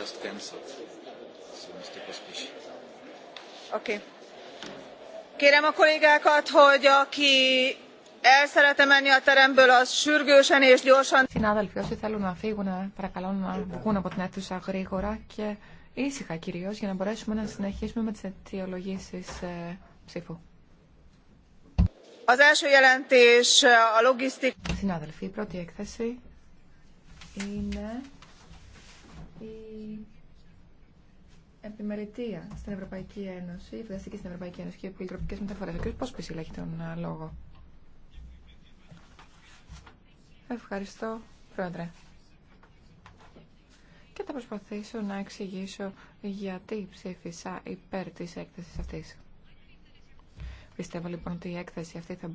just cancelled. So, Mr. Okay. Kérem a kollégákat, hogy aki el szeretne menni a Συνάδελφοι, όσοι θέλουν να φύγουν, παρακαλώ να βγουν από την αίθουσα γρήγορα και ήσυχα κυρίως για να μπορέσουμε να συνεχίσουμε με τις αιτιολογήσεις ε, ψήφου. Συνάδελφοι, η πρώτη έκθεση είναι επιμελητεία στην Ευρωπαϊκή Ένωση, η στην Ευρωπαϊκή Ένωση και οι Πολυτροπικέ Μεταφορέ. Ο κ. Πόσπισιλ έχει τον λόγο. Ευχαριστώ, Πρόεδρε. Και θα προσπαθήσω να εξηγήσω γιατί ψήφισα υπέρ της έκθεσης αυτής. Πιστεύω λοιπόν ότι η έκθεση αυτή θα